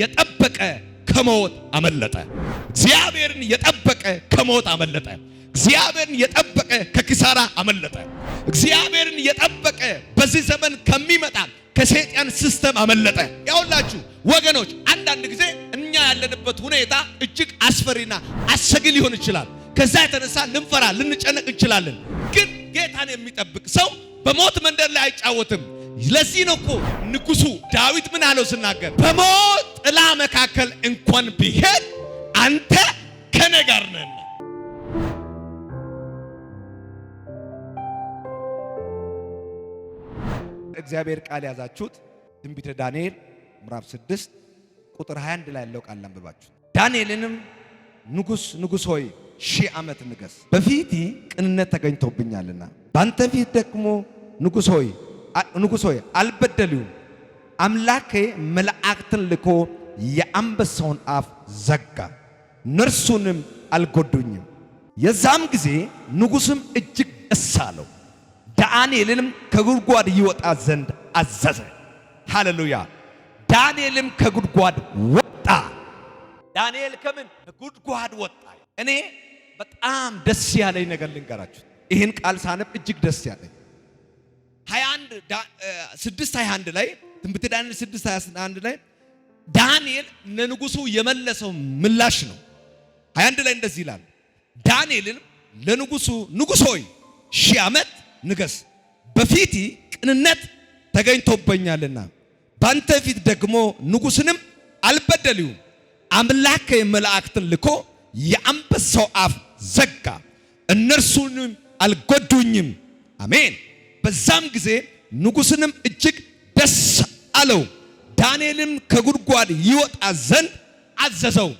የጠበቀ ከሞት አመለጠ። እግዚአብሔርን የጠበቀ ከሞት አመለጠ። እግዚአብሔርን የጠበቀ ከኪሳራ አመለጠ። እግዚአብሔርን የጠበቀ በዚህ ዘመን ከሚመጣ ከሰይጣን ሲስተም አመለጠ። ያውላችሁ ወገኖች፣ አንዳንድ ጊዜ እኛ ያለንበት ሁኔታ እጅግ አስፈሪና አሰጊ ሊሆን ይችላል። ከዛ የተነሳ ልንፈራ ልንጨነቅ እንችላለን። ግን ጌታን የሚጠብቅ ሰው በሞት መንደር ላይ አይጫወትም። ለዚህ ነው እኮ ንጉሡ ዳዊት ምን አለው ስናገር በሞት ጥላ መካከል እንኳን ብሄድ አንተ ከኔ ጋር ነህ። እግዚአብሔር ቃል ያዛችሁት ትንቢተ ዳንኤል ምዕራፍ 6 ቁጥር 21 ላይ ያለው ቃል አንብባችሁ ዳንኤልንም ንጉስ ንጉስ ሆይ ሺህ ዓመት ንገስ፣ በፊት ቅንነት ተገኝቶብኛልና በአንተ ፊት ደግሞ ንጉስ ሆይ ንጉሥ ሆይ አልበደሉም። አምላኬ መላእክትን ልኮ የአንበሳውን አፍ ዘጋ፣ ነርሱንም አልጎዱኝም። የዛም ጊዜ ንጉሥም እጅግ ደስ አለው፣ ዳንኤልንም ከጉድጓድ ይወጣ ዘንድ አዘዘ። ሃሌሉያ! ዳንኤልም ከጉድጓድ ወጣ። ዳንኤል ከምን ከጉድጓድ ወጣ። እኔ በጣም ደስ ያለኝ ነገር ልንገራችሁ። ይህን ቃል ሳነብ እጅግ ደስ ያለኝ ስድስት ሀያ አንድ ላይ ትንቢተ ዳንኤል ስድስት ሀያ ላይ ዳንኤል ለንጉሱ የመለሰው ምላሽ ነው። ሀያ ላይ እንደዚህ ይላል። ዳንኤልን ለንጉሱ ንጉሥ ሆይ ሺህ ዓመት ንገስ፣ በፊት ቅንነት ተገኝቶበኛልና በአንተ ፊት ደግሞ ንጉስንም አልበደልዩም። አምላክ መላእክትን ልኮ የአንበሳው አፍ ዘጋ፣ እነርሱንም አልጎዱኝም። አሜን በዛም ጊዜ ንጉሥንም እጅግ ደስ አለው። ዳንኤልም ከጉድጓድ ይወጣ ዘንድ አዘዘው።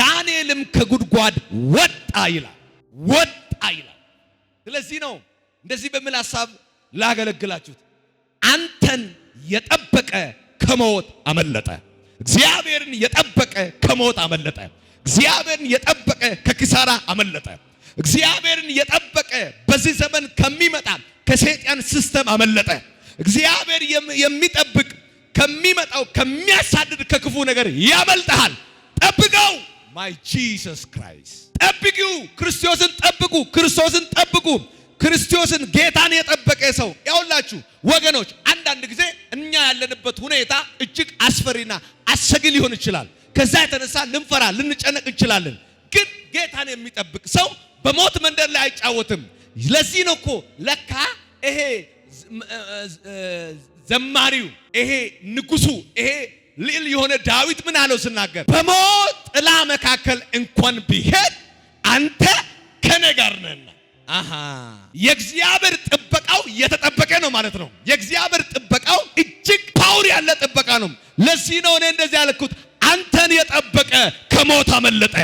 ዳንኤልም ከጉድጓድ ወጣ ይላል፣ ወጣ ይላል። ስለዚህ ነው እንደዚህ በሚል ሀሳብ ላገለግላችሁት አንተን የጠበቀ ከሞት አመለጠ። እግዚአብሔርን የጠበቀ ከሞት አመለጠ። እግዚአብሔርን የጠበቀ ከኪሳራ አመለጠ። እግዚአብሔርን የጠበቀ በዚህ ዘመን ከሚመጣ ከሰይጣን ሲስተም አመለጠ። እግዚአብሔር የሚጠብቅ ከሚመጣው ከሚያሳድድ ከክፉ ነገር ያመልጠሃል። ጠብቀው። ማይ ጂሰስ ክራይስት ጠብቁ። ክርስቶስን ጠብቁ። ክርስቶስን ጠብቁ። ክርስቶስን ጌታን የጠበቀ ሰው ያውላችሁ ወገኖች፣ አንዳንድ ጊዜ እኛ ያለንበት ሁኔታ እጅግ አስፈሪና አሰጊ ሊሆን ይችላል። ከዛ የተነሳ ልንፈራ ልንጨነቅ እንችላለን። ግን ጌታን የሚጠብቅ ሰው በሞት መንደር ላይ አይጫወትም። ለዚህ ነው እኮ ለካ ይሄ ዘማሪው ይሄ ንጉሱ ይሄ ልዕል የሆነ ዳዊት ምን አለው ስናገር በሞት ጥላ መካከል እንኳን ቢሄድ አንተ ከኔ ጋር ነህና። አሃ የእግዚአብሔር ጥበቃው የተጠበቀ ነው ማለት ነው። የእግዚአብሔር ጥበቃው እጅግ ፓውር ያለ ጥበቃ ነው። ለዚህ ነው እኔ እንደዚህ ያልኩት አንተን የጠበቀ ከሞት አመለጠ።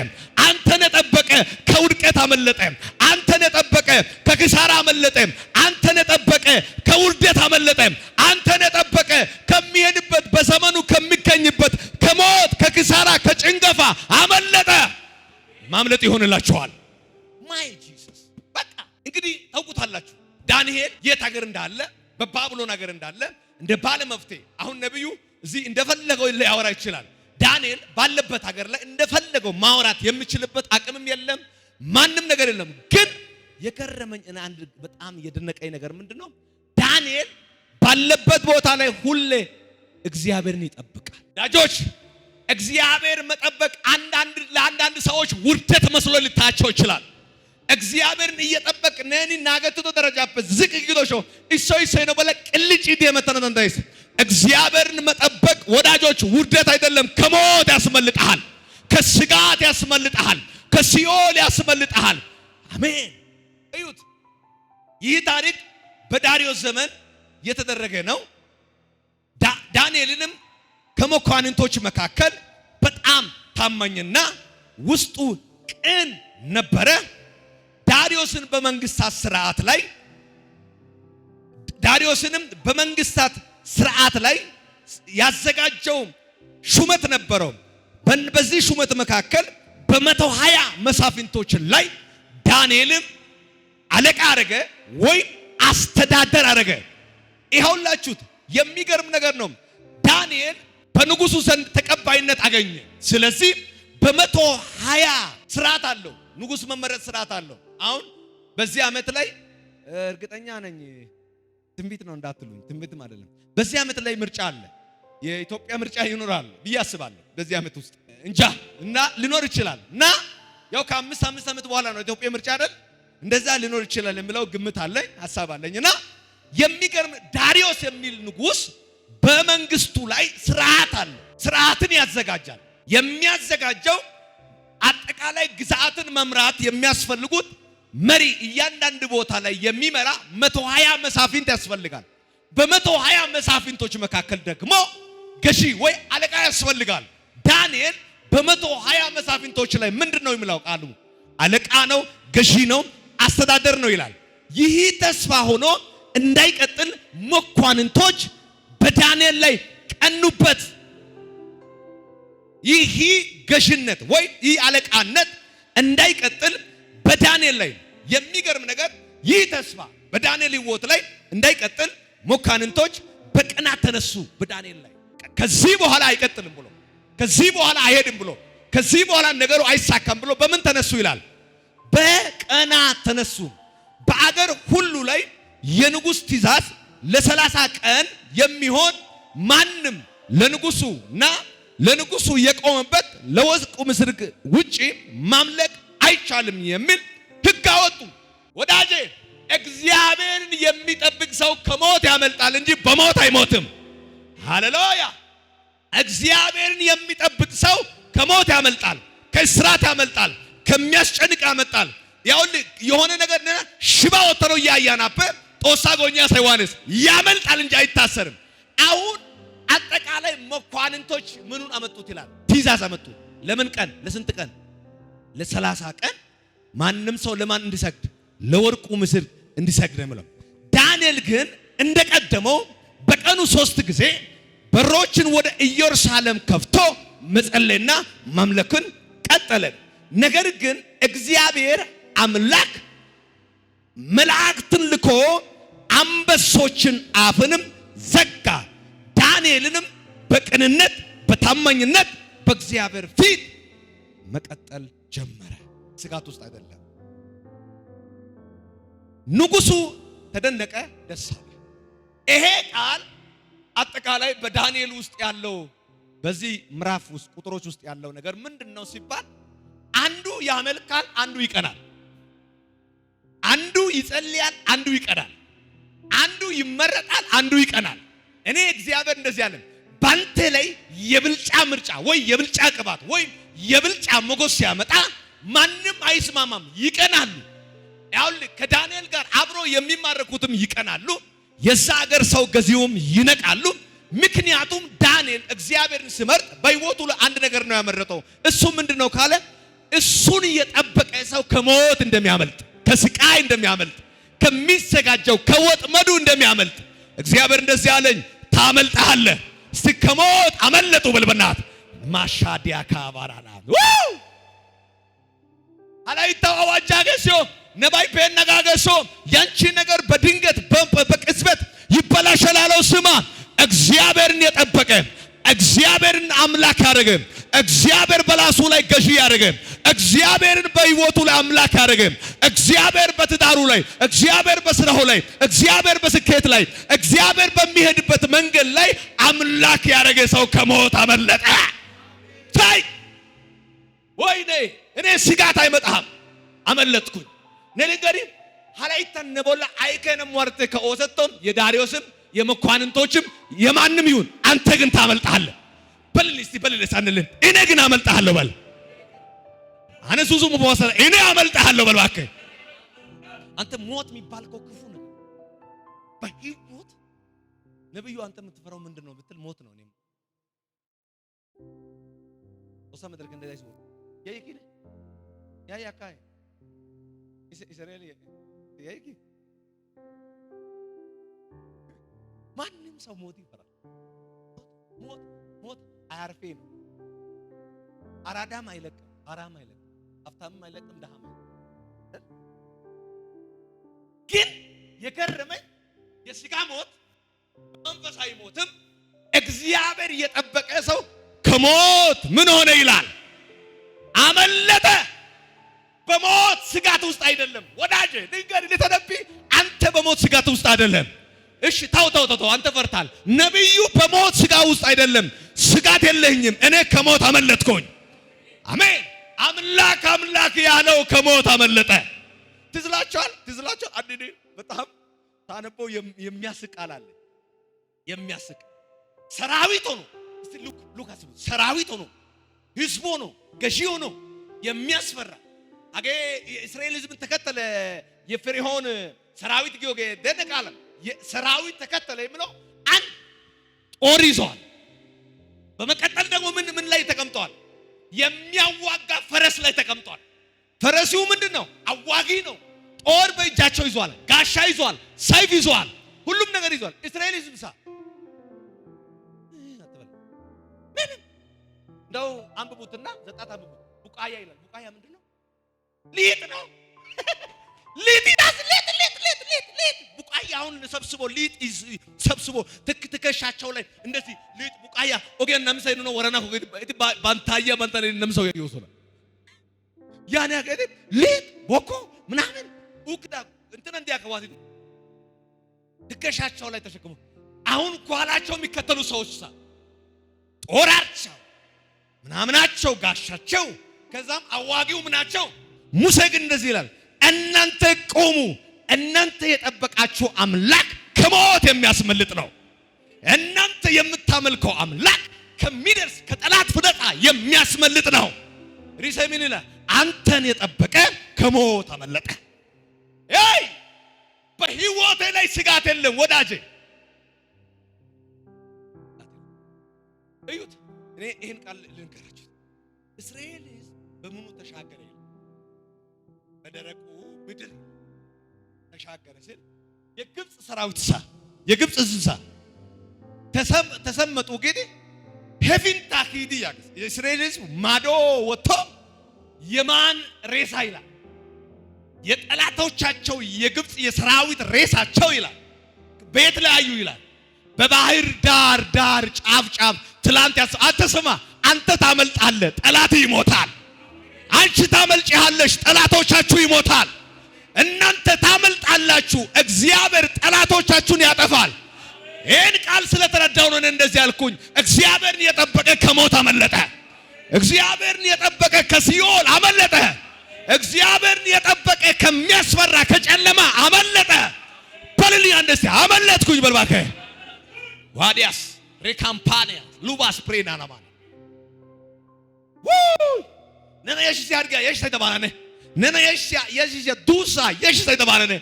አንተን የጠበቀ ከውድቀት አመለጠ። አንተን የጠበቀ ከክሳራ አመለጠ። አንተን የጠበቀ ከውርደት አመለጠ። አንተን የጠበቀ ከሚሄድበት በዘመኑ ከሚገኝበት ከሞት ከክሳራ ከጭንገፋ አመለጠ። ማምለጥ ይሆንላችኋል። ማይ ጂሰስ። በቃ እንግዲህ ታውቁታላችሁ ዳንኤል የት ሀገር እንዳለ በባብሎን ሀገር እንዳለ እንደ ባለ መፍትሄ አሁን ነቢዩ እዚህ እንደፈለገው ሊያወራ ይችላል ዳንኤል ባለበት ሀገር ላይ እንደፈለገው ማውራት የምችልበት አቅምም የለም፣ ማንም ነገር የለም። ግን የገረመኝ እና አንድ በጣም የደነቀኝ ነገር ምንድን ነው? ዳንኤል ባለበት ቦታ ላይ ሁሌ እግዚአብሔርን ይጠብቃል። ዳጆች እግዚአብሔር መጠበቅ አንዳንድ ለአንዳንድ ሰዎች ውርደት መስሎ ሊታቸው ይችላል። እግዚአብሔርን እየጠበቅ ነኒ ናገቱ ተደረጃበት ዝቅ ግዶ ሾ እሶይ ሰይ ነው በለ ቅልጭ ዲየ መተነ ተንታይስ እግዚአብሔርን መጠበቅ ወዳጆች ውርደት አይደለም። ከሞት ያስመልጠሃል፣ ከስጋት ያስመልጠሃል፣ ከሲኦል ያስመልጠሃል። አሜን። እዩት። ይህ ታሪክ በዳርዮስ ዘመን የተደረገ ነው። ዳንኤልንም ከመኳንንቶች መካከል በጣም ታማኝና ውስጡ ቅን ነበረ። ዳርዮስን በመንግስታት ስርዓት ላይ ዳርዮስንም በመንግስታት ስርዓት ላይ ያዘጋጀው ሹመት ነበረው። በዚህ ሹመት መካከል በመቶ ሀያ መሳፍንቶችን ላይ ዳንኤልም አለቃ አረገ ወይም አስተዳደር አረገ። ይኸውላችሁት የሚገርም ነገር ነው። ዳንኤል በንጉሱ ዘንድ ተቀባይነት አገኘ። ስለዚህ በመቶ ሀያ ስርዓት አለው ንጉስ መመረጥ ስርዓት አለው። አሁን በዚህ ዓመት ላይ እርግጠኛ ነኝ ትንቢት ነው እንዳትሉኝ፣ ትንቢትም አይደለም። በዚህ ዓመት ላይ ምርጫ አለ። የኢትዮጵያ ምርጫ ይኖራል ብዬ አስባለሁ። በዚህ ዓመት ውስጥ እንጃ እና ሊኖር ይችላል እና ያው ከአምስት አምስት ዓመት በኋላ ነው ኢትዮጵያ ምርጫ አይደል? እንደዛ ሊኖር ይችላል የሚለው ግምት አለኝ፣ ሀሳብ አለኝ እና የሚገርም ዳሪዮስ የሚል ንጉሥ በመንግስቱ ላይ ስርዓት አለ። ስርዓትን ያዘጋጃል። የሚያዘጋጀው አጠቃላይ ግዛትን መምራት የሚያስፈልጉት መሪ እያንዳንድ ቦታ ላይ የሚመራ መቶ ሀያ መሳፍንት ያስፈልጋል። በመቶ ሀያ መሳፍንቶች መካከል ደግሞ ገዢ ወይ አለቃ ያስፈልጋል። ዳንኤል በመቶ ሀያ መሳፍንቶች ላይ ምንድን ነው የሚለው ቃሉ? አለቃ ነው፣ ገዢ ነው፣ አስተዳደር ነው ይላል። ይህ ተስፋ ሆኖ እንዳይቀጥል መኳንንቶች በዳንኤል ላይ ቀኑበት። ይህ ገዥነት ወይ ይህ አለቃነት እንዳይቀጥል በዳንኤል ላይ የሚገርም ነገር ይህ ተስፋ በዳንኤል ሕይወት ላይ እንዳይቀጥል ሞካንንቶች በቅናት ተነሱ። በዳንኤል ላይ ከዚህ በኋላ አይቀጥልም ብሎ ከዚህ በኋላ አይሄድም ብሎ ከዚህ በኋላ ነገሩ አይሳካም ብሎ በምን ተነሱ ይላል? በቅናት ተነሱ። በአገር ሁሉ ላይ የንጉሥ ትእዛዝ ለሰላሳ ቀን የሚሆን ማንም ለንጉሱና ለንጉሱ የቆመበት ለወርቁ ምስርግ ውጪ ማምለክ አይቻልም የሚል ሕግ አወጡ። ወዳጄ እግዚአብሔርን የሚጠብቅ ሰው ከሞት ያመልጣል እንጂ በሞት አይሞትም። ሃሌሉያ! እግዚአብሔርን የሚጠብቅ ሰው ከሞት ያመልጣል፣ ከእስራት ያመልጣል፣ ከሚያስጨንቅ ያመልጣል። ያውል የሆነ ነገር ሽባ ወጥተሮ እያያናበ ጦሳ ጎኛ ሳይዋንስ ያመልጣል እንጂ አይታሰርም። አሁን አጠቃላይ መኳንንቶች ምኑን አመጡት ይላል? ትእዛዝ አመጡት። ለምን ቀን? ለስንት ቀን? ለሰላሳ ቀን ማንም ሰው ለማን እንዲሰግድ ለወርቁ ምስል እንዲሰግድ ምለው። ዳንኤል ግን እንደቀደመው በቀኑ ሶስት ጊዜ በሮችን ወደ ኢየሩሳሌም ከፍቶ መጸለይና ማምለክን ቀጠለ። ነገር ግን እግዚአብሔር አምላክ መላእክትን ልኮ አንበሶችን አፍንም ዘጋ። ዳንኤልንም በቅንነት በታማኝነት በእግዚአብሔር ፊት መቀጠል ጀመረ። ስጋት ውስጥ አይደለም። ንጉሱ ተደነቀ፣ ደስ አለ። ይሄ ቃል አጠቃላይ በዳንኤል ውስጥ ያለው በዚህ ምዕራፍ ውስጥ ቁጥሮች ውስጥ ያለው ነገር ምንድን ነው ሲባል አንዱ ያመልካል፣ አንዱ ይቀናል። አንዱ ይጸልያል፣ አንዱ ይቀናል። አንዱ ይመረጣል፣ አንዱ ይቀናል። እኔ እግዚአብሔር እንደዚህ አለን ባንተ ላይ የብልጫ ምርጫ ወይ የብልጫ ቅባት ወይ የብልጫ ሞገስ ሲያመጣ ማንም አይስማማም፣ ይቀናሉ። ያውል ከዳንኤል ጋር አብሮ የሚማረኩትም ይቀናሉ። የዛ አገር ሰው ገዚውም ይነቃሉ። ምክንያቱም ዳንኤል እግዚአብሔርን ሲመርጥ በሕይወቱ ላይ አንድ ነገር ነው ያመረጠው። እሱ ምንድነው ካለ እሱን የጠበቀ ሰው ከሞት እንደሚያመልጥ፣ ከስቃይ እንደሚያመልጥ፣ ከሚዘጋጀው ከወጥመዱ እንደሚያመልጥ እግዚአብሔር እንደዚህ አለኝ ታመልጣለህ ስከሞት አመለጡ በልበናት ማሻዲያ ካባራና አላይታው አዋጃ ገሶ ነባይ ፔን ነጋገሶ ያንቺ ነገር በድንገት በቅጽበት ይበላሸላለው። ስማ እግዚአብሔርን የጠበቀ እግዚአብሔርን አምላክ ያደረገ እግዚአብሔር በራሱ ላይ ገዢ ያደረገ እግዚአብሔርን በህይወቱ ላይ አምላክ ያደረገ እግዚአብሔር በትዳሩ ላይ፣ እግዚአብሔር በስራው ላይ፣ እግዚአብሔር በስኬት ላይ፣ እግዚአብሔር በሚሄድበት መንገድ ላይ አምላክ ያደረገ ሰው ከሞት አመለጠ። ታይ ወይኔ እኔ ስጋት አይመጣም አመለጥኩኝ ነልገሪ ሀላይታን ነቦላ አይከንም ዋርቴ ከኦሰቶም የዳሪዮስም የመኳንንቶችም የማንም ይሁን አንተ ግን ታመልጣለህ። በልል በልልስ በልል እኔ ግን አመልጣለሁ በል አነሱዙ መዋሰለ እኔ አመልጣለሁ በል እባክህ። አንተ ሞት የሚባል እኮ ክፉ ነው። በህይወት ነብዩ አንተ የምትፈራው ምንድን ነው ብትል ሞት ነው። ማንም ሰው ሞት ይፈራል። ሞት ሞት አያርፌ ነው። አራዳም አይለቅም። አራም አይለቅም። ሀብታምም አይለቅም ድሃም ግን የገረመኝ የስጋ ሞት መንፈሳዊ ሞትም እግዚአብሔር የጠበቀ ሰው ከሞት ምን ሆነ ይላል አመለጠ። በሞት ስጋት ውስጥ አይደለም ወዳጅ ድንገት ልተነብይ አንተ በሞት ስጋት ውስጥ አይደለም። እሺ ተው ተው ተው፣ አንተ ፈርታል። ነብዩ በሞት ስጋ ውስጥ አይደለም። ስጋት የለኝም እኔ ከሞት አመለጥኩኝ። አሜን አምላክ አምላክ ያለው ከሞት አመለጠ። ትዝላችኋል ትዝላችኋል። አንድ በጣም ታነበው የሚያስቅ ቃል የሚያስቅ ሰራዊት ሆኖ ሉካስ ሰራዊት ሆኖ ህዝብ ሆኖ ገዢ ሆኖ የሚያስፈራ አገ የእስራኤል ህዝብን ተከተለ የፈርዖን ሰራዊት ጊዮጌ ደነቃለ ሰራዊት ተከተለ የሚለው አንድ ጦር ይዘዋል። በመቀጠል ደግሞ ምን ምን ላይ ተቀምጠዋል? የሚያዋጋ ፈረስ ላይ ተቀምጧል። ፈረሱ ምንድን ነው? አዋጊ ነው። ጦር በእጃቸው ይዟል፣ ጋሻ ይዟል፣ ሰይፍ ይዟል፣ ሁሉም ነገር ይዟል። እስራኤል ይዝምሳ እንደው አንብቡትና ዘጣት አንብቡት። ቡቃያ ይላል። ቡቃያ ምንድን ነው? ሊጥ ነው። ሊጥ ይላል። ሊጥ ሊጥ ሊጥ ሊጥ ቡቃያ አሁን ሰብስቦ ሊጥ ሰብስቦ ትክ ትከሻቸው ላይ እንደዚህ ሊጥ ቡቃያ ኦጌን ነምሰይ ነው ወረና ባንታያ ባንታለ ነምሰው ይወሰና ያን ያገደ ሊጥ ቦኮ ምናምን ኡቅዳ እንትን እንዲያከዋት ትከሻቸው ላይ ተሸክሞ አሁን ኋላቸው የሚከተሉ ሰዎች ሳ ጦራቸው ምናምናቸው ጋሻቸው ከዛም አዋጊው ምናቸው ሙሴ ግን እንደዚህ ይላል እናንተ ቆሙ እናንተ የጠበቃችሁ አምላክ ከሞት የሚያስመልጥ ነው። እናንተ የምታመልከው አምላክ ከሚደርስ ከጠላት ፍለጣ የሚያስመልጥ ነው። ሪሰ ምን ይላል? አንተን የጠበቀ ከሞት አመለጠ። ይ በህይወቴ ላይ ስጋት የለም ወዳጄ። እዩት። እኔ ይህን ቃል ልንገራችሁ። እስራኤል በምኑ ተሻገረ? በደረቁ ምድር ተሻገረ ሲል የግብፅ ሰራዊት ሳ የግብፅ እንስሳ ተሰመጡ ግዲ ሄቪን ታኪዲ ያገዝ የእስራኤል ሕዝብ ማዶ ወጥቶ የማን ሬሳ ይላል የጠላቶቻቸው የግብፅ የሰራዊት ሬሳቸው ይላል በየት ለያዩ ይላል በባህር ዳር ዳር ጫፍ ጫፍ ትላንት ያሰ አንተ ስማ፣ አንተ ታመልጣለህ፣ ጠላት ይሞታል። አንቺ ታመልጭሃለሽ፣ ጠላቶቻችሁ ይሞታል። እናንተ ታመልጣላችሁ፣ እግዚአብሔር ጠላቶቻችሁን ያጠፋል። ይህን ቃል ስለተረዳው ነው እንደዚህ ያልኩኝ። እግዚአብሔርን የጠበቀ ከሞት አመለጠ። እግዚአብሔርን የጠበቀ ከሲኦል አመለጠ። እግዚአብሔርን የጠበቀ ከሚያስፈራ ከጨለማ አመለጠ። በልልኝ አንደስ አመለጥኩኝ በልባከ ዋዲያስ ሬካምፓኒያ ሉባስ ፕሬናናማ ነነ የሽ ሲያድጋ የሽ ተደባናነ ነመየሽያ የዚዘ ዱሳ የሽታ የተባለ ነው።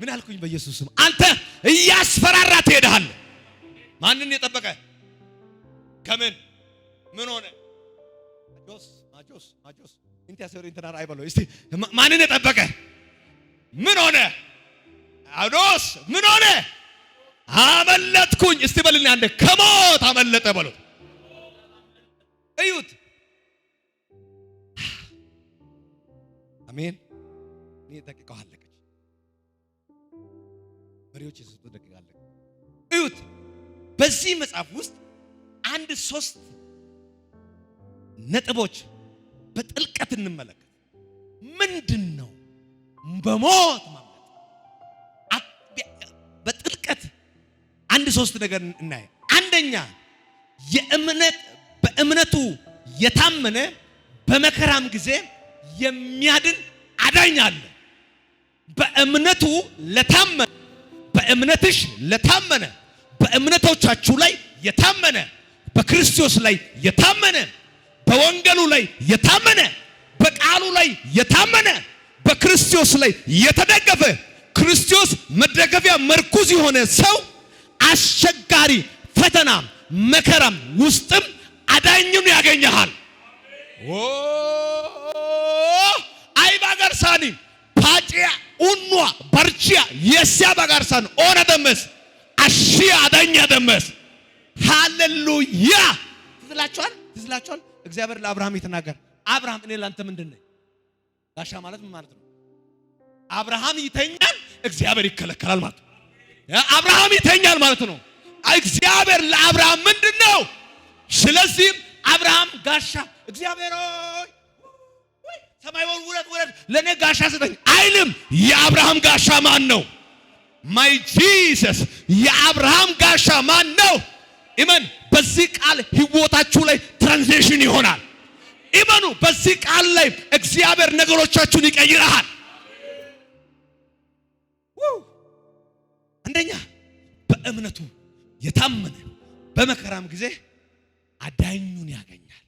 ምን አልኩኝ? በኢየሱስ ስም አንተ እያስፈራራ ትሄዳለህ። ማንን የጠበቀ ከምን ምን ሆነ? ማጆስ ማጆስ ማጆስ እንታሰሪ እንተናራ አይበለው እስቲ ማንን የጠበቀ ምን ሆነ? አዶስ ምን ሆነ? አመለጥኩኝ። እስቲ በልልኝ አንደ ከሞት አመለጠ በሉት። እዩት አሜን። እኔ ደቂቃው አለቀች። መሪዎች የሰጡት ደቂቃ አለቀ። እዩት። በዚህ መጽሐፍ ውስጥ አንድ ሶስት ነጥቦች በጥልቀት እንመለከት። ምንድን ነው በሞት ማምለጥ? በጥልቀት አንድ ሶስት ነገር እናየ። አንደኛ የእምነት በእምነቱ የታመነ በመከራም ጊዜ የሚያድን አዳኝ አለ። በእምነቱ ለታመነ በእምነትሽ ለታመነ በእምነቶቻችሁ ላይ የታመነ በክርስቶስ ላይ የታመነ በወንጌሉ ላይ የታመነ በቃሉ ላይ የታመነ በክርስቶስ ላይ የተደገፈ ክርስቶስ መደገፊያ መርኩዝ የሆነ ሰው አስቸጋሪ ፈተናም መከራም ውስጥም አዳኝም ያገኘሃል። isaanii paaciya unnuwa barchiya yeessiya bagaarsan oona demmees? Ashshiya አዳኛ ደመስ። ሃሌሉያ ትዝላችኋል፣ ትዝላችኋል። እግዚአብሔር ለአብርሃም የተናገር አብርሃም እኔ ላንተ ምንድን ነኝ? ጋሻ ማለት ምን ማለት ነው? አብርሃም ይተኛል፣ እግዚአብሔር ይከለከላል ማለት ነው። አብርሃም ይተኛል ማለት ነው። እግዚአብሔር ለአብርሃም ምንድን ነው? ስለዚህም አብርሃም ጋሻ እግዚአብሔር ሆይ ሰማይ ወር ውረድ ውረድ፣ ለእኔ ጋሻ ስጠኝ አይልም። የአብርሃም ጋሻ ማን ነው? ማይ ጂሰስ የአብርሃም ጋሻ ማን ነው? ኢመን በዚህ ቃል ህይወታችሁ ላይ ትራንዚሽን ይሆናል። ኢመኑ በዚህ ቃል ላይ እግዚአብሔር ነገሮቻችሁን ይቀይራል። አንደኛ በእምነቱ የታመነ በመከራም ጊዜ አዳኙን ያገኛል።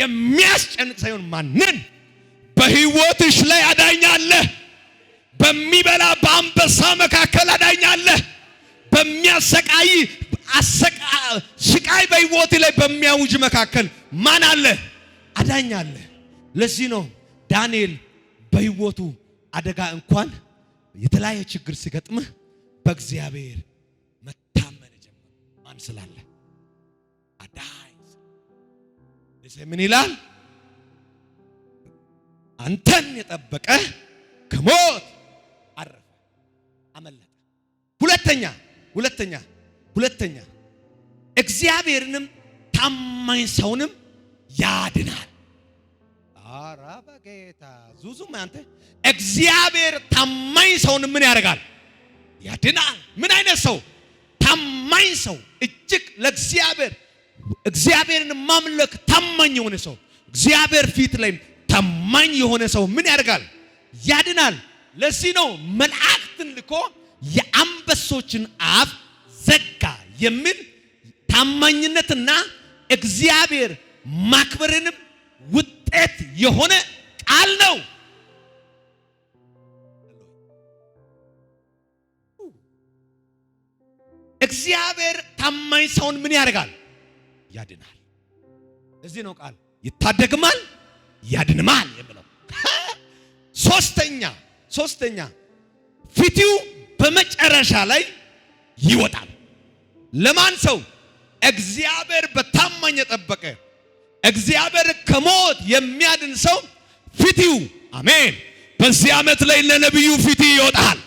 የሚያስጨንቅ ሳይሆን ማንን በህይወትሽ ላይ አለ? በሚበላ በአንበሳ መካከል አለ በሚያሰቃይ ስቃይ በህይወት ላይ በሚያውጅ መካከል ማን አለ? አዳኛለህ። ለዚህ ነው ዳንኤል በህይወቱ አደጋ እንኳን የተለያየ ችግር ሲገጥምህ በእግዚአብሔር መታመን ጀመረ። ማን ስላለ? አዳኝ ምን ይላል? አንተን የጠበቀ ከሞት አረፈ፣ አመለጠ። ሁለተኛ ሁለተኛ ሁለተኛ እግዚአብሔርንም ታማኝ ሰውንም ያድናል። ኧረ በጌታ ዙዙም አንተ እግዚአብሔር ታማኝ ሰውንም ምን ያደርጋል? ያድናል። ምን አይነት ሰው? ታማኝ ሰው፣ እጅግ ለእግዚአብሔር እግዚአብሔርን ማምለክ ታማኝ የሆነ ሰው እግዚአብሔር ፊት ላይ ታማኝ የሆነ ሰው ምን ያደርጋል? ያድናል። ለዚህ ነው መላእክትን ልኮ የአንበሶችን አፍ ዘጋ የሚል ታማኝነትና እግዚአብሔር ማክበርንም ውጤት የሆነ ቃል ነው። እግዚአብሔር ታማኝ ሰውን ምን ያደርጋል? ያድናል። እዚህ ነው ቃል ይታደግማል ያድንማል የምለው ሶስተኛ ሶስተኛ ፊቲው በመጨረሻ ላይ ይወጣል። ለማን ሰው? እግዚአብሔር በታማኝ የጠበቀ እግዚአብሔር ከሞት የሚያድን ሰው ፊቲው። አሜን። በዚህ ዓመት ላይ ለነቢዩ ፊቲ ይወጣል።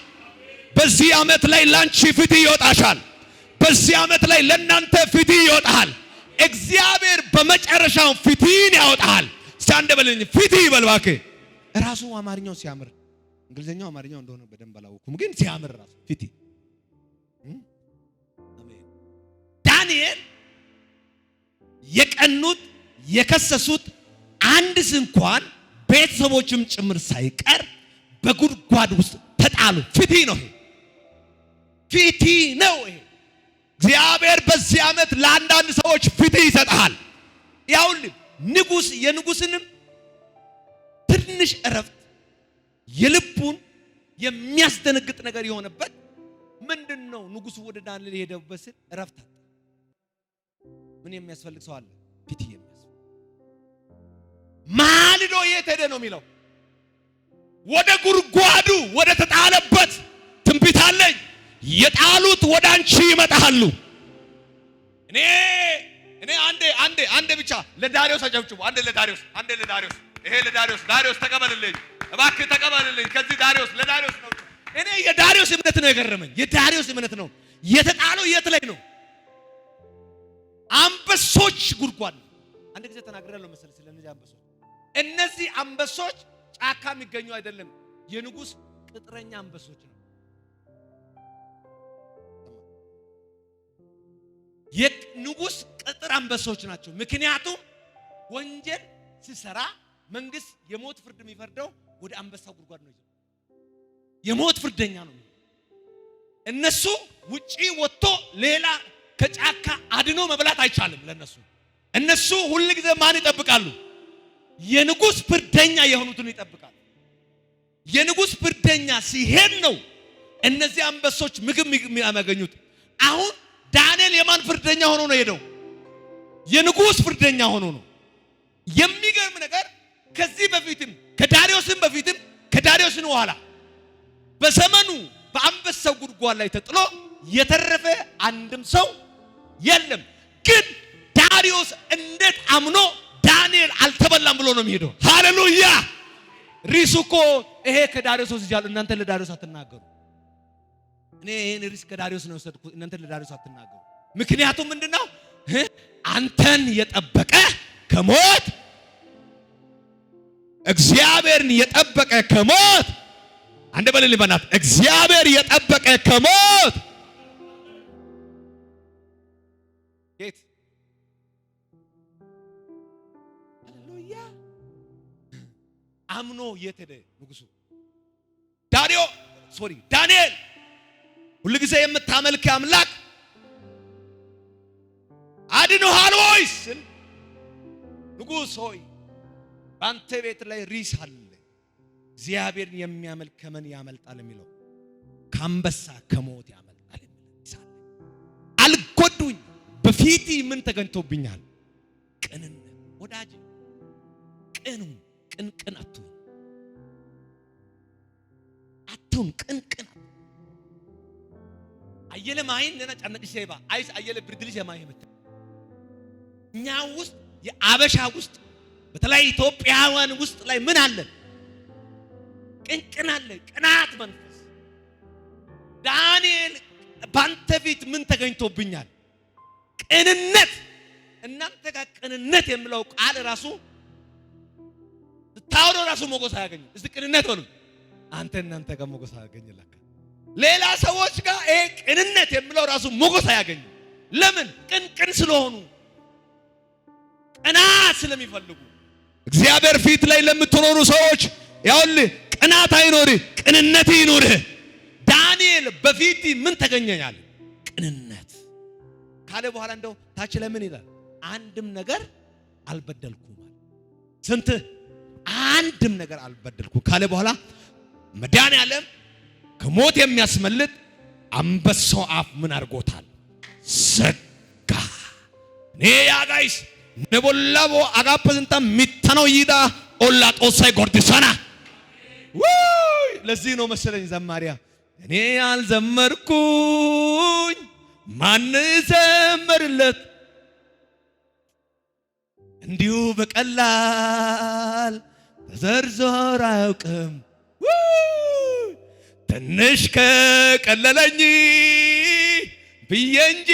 በዚህ ዓመት ላይ ላንቺ ፊቲ ይወጣሻል። በዚህ ዓመት ላይ ለናንተ ፊቲ ይወጣል። እግዚአብሔር በመጨረሻው ፊቲን ያወጣል። እስቲ አንድ በልኝ። ፍትህ ይበል እባክህ። ራሱ አማርኛው ሲያምር እንግሊዝኛው አማርኛው እንደሆነ በደንብ አላወኩም፣ ግን ሲያምር ራሱ ፍትህ ዳንኤል የቀኑት የከሰሱት አንድስ እንኳን ቤተሰቦችም ጭምር ሳይቀር በጉድጓድ ውስጥ ተጣሉ። ፍትህ ነው ይሄ፣ ነው ይሄ። እግዚአብሔር በዚህ ዓመት ለአንዳንድ ሰዎች ፊቲ ይሰጣል። ያውልም ንጉስ የንጉስንም ትንሽ እረፍት የልቡን የሚያስደነግጥ ነገር የሆነበት ምንድን ነው? ንጉሱ ወደ ዳንኤል የሄደበት ስል እረፍት አጣ። ምን የሚያስፈልግ ሰው አለ? ፊት ማልዶ የት ሄደ ነው የሚለው። ወደ ጉድጓዱ ወደ ተጣለበት ትንቢት አለኝ። የጣሉት ወደ አንቺ ይመጣሉ። እኔ እኔ አንዴ አንዴ አንዴ ብቻ ለዳሪዮስ አጨብጭቡ። አንዴ ለዳሪዮስ አንዴ ለዳሪዮስ ይሄ ለዳሪዮስ ዳሪዮስ ተቀበልልኝ፣ እባክህ ተቀበልልኝ። ከዚህ ዳሪዮስ ለዳሪዮስ ነው። እኔ የዳሪዮስ እምነት ነው የገረመኝ። የዳሪዮስ እምነት ነው የተጣለው። የት ላይ ነው? አንበሶች ጉድጓድ። አንድ ጊዜ ተናግሬያለሁ መሰለኝ ስለነዚህ አንበሶች። እነዚህ አንበሶች ጫካ የሚገኙ አይደለም፣ የንጉሥ ቅጥረኛ አንበሶች ነው። አንበሶች ናቸው። ምክንያቱም ወንጀል ሲሰራ መንግስት የሞት ፍርድ የሚፈርደው ወደ አንበሳው ጉድጓድ ነው። የሞት ፍርደኛ ነው። እነሱ ውጪ ወጥቶ ሌላ ከጫካ አድኖ መብላት አይቻልም። ለነሱ እነሱ ሁል ጊዜ ማን ይጠብቃሉ? የንጉስ ፍርደኛ የሆኑትን ይጠብቃሉ። የንጉስ ፍርደኛ ሲሄድ ነው እነዚህ አንበሶች ምግብ የሚያገኙት። አሁን ዳንኤል የማን ፍርደኛ ሆኖ ነው የሄደው? የንጉሥ ፍርደኛ ሆኖ ነው። የሚገርም ነገር ከዚህ በፊትም ከዳሪዮስም በፊትም ከዳሪዮስን በኋላ በዘመኑ በአንበሳው ጉድጓድ ላይ ተጥሎ የተረፈ አንድም ሰው የለም። ግን ዳሪዮስ እንዴት አምኖ ዳንኤል አልተበላም ብሎ ነው የሚሄደው። ሃሌሉያ ሪሱ እኮ ይሄ ከዳሪዮስ ወስጃለሁ፣ እናንተ ለዳሪዮስ አትናገሩ። እኔ ይሄን ሪስ ከዳሪዮስ ነው የወሰድኩት፣ እናንተ ለዳሪዮስ አትናገሩ። ምክንያቱም ምንድነው አንተን የጠበቀ ከሞት እግዚአብሔርን የጠበቀ ከሞት አንድ በልል በናት እግዚአብሔር የጠበቀ ከሞት ጌት ሃሌሉያ አምኖ የት ሄደ ንጉሱ ዳሪዮ ሶሪ ዳንኤል ሁልጊዜ የምታመልክ አምላክ ያድንሃል ወይ ስል ንጉሥ ሆይ በአንተ ቤት ላይ ሪስ አለ። እግዚአብሔርን የሚያመልክ ከምን ያመልጣል የሚለው ከአንበሳ ከሞት ያመልጣል የሚለው አልጎዱኝ። በፊት ምን ተገኝቶብኛል? ቅንን ወዳጅ ቅኑ ቅንቅን አትሁን አትሁን ቅንቅን አየለ ማይን ነና ጫነቅሽ ባ አይስ አየለ ብርድልሽ የማይ እኛ ውስጥ የአበሻ ውስጥ በተለይ ኢትዮጵያውያን ውስጥ ላይ ምን አለን? ቅንቅን አለ፣ ቅናት መንፈስ። ዳንኤል ባንተ ፊት ምን ተገኝቶብኛል? ቅንነት። እናንተ ጋር ቅንነት የምለው ቃል ራሱ ስታውሎ ራሱ ሞገስ አያገኝም። እስቲ ቅንነት በሉ አንተ እናንተ ጋር ሞገስ አያገኝላካ ሌላ ሰዎች ጋር ይሄ ቅንነት የምለው ራሱ ሞገስ አያገኝም። ለምን? ቅንቅን ስለሆኑ ቅናት ስለሚፈልጉ እግዚአብሔር ፊት ላይ ለምትኖሩ ሰዎች ያውል ቅናት አይኖር፣ ቅንነት ይኖር ዳንኤል በፊት ምን ተገኘኛል? ቅንነት ካለ በኋላ እንደው ታች ለምን ይላል? አንድም ነገር አልበደልኩም። ስንት አንድም ነገር አልበደልኩም ካለ በኋላ መድኃኒዓለም ከሞት የሚያስመልጥ አንበሳው አፍ ምን አድርጎታል? ዘጋ። እኔ ያ ጋይስ ነቦላቦ አጋፐዝንታ ሚታነው ይዳ ኦላ ጦሳይ ጎርዲሳና ለዚህ ነው መሰለኝ ዘማሪያ እኔ ያልዘመርኩኝ ማን ዘመርለት እንዲሁ በቀላል ተዘርዞር አያውቅም። ትንሽ ከቀለለኝ ብዬ እንጂ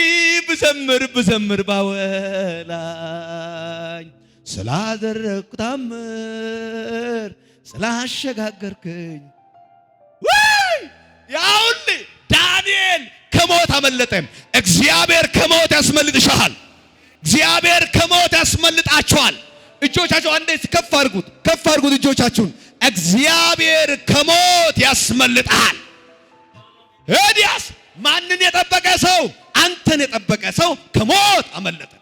ብዘምር ብዘምር ባወላኝ ስላደረግኩ ታምር ስላሸጋገርክኝ ያውል ዳንኤል ከሞት አመለጠም። እግዚአብሔር ከሞት ያስመልጥሻል። እግዚአብሔር ከሞት ያስመልጣችኋል። እጆቻችሁ አንዴ ከፍ አድርጉት፣ ከፍ አድርጉት እጆቻችሁን። እግዚአብሔር ከሞት ያስመልጣል። እዲያስ ማንን የጠበቀ ሰው? አንተን የጠበቀ ሰው ከሞት አመለጠ።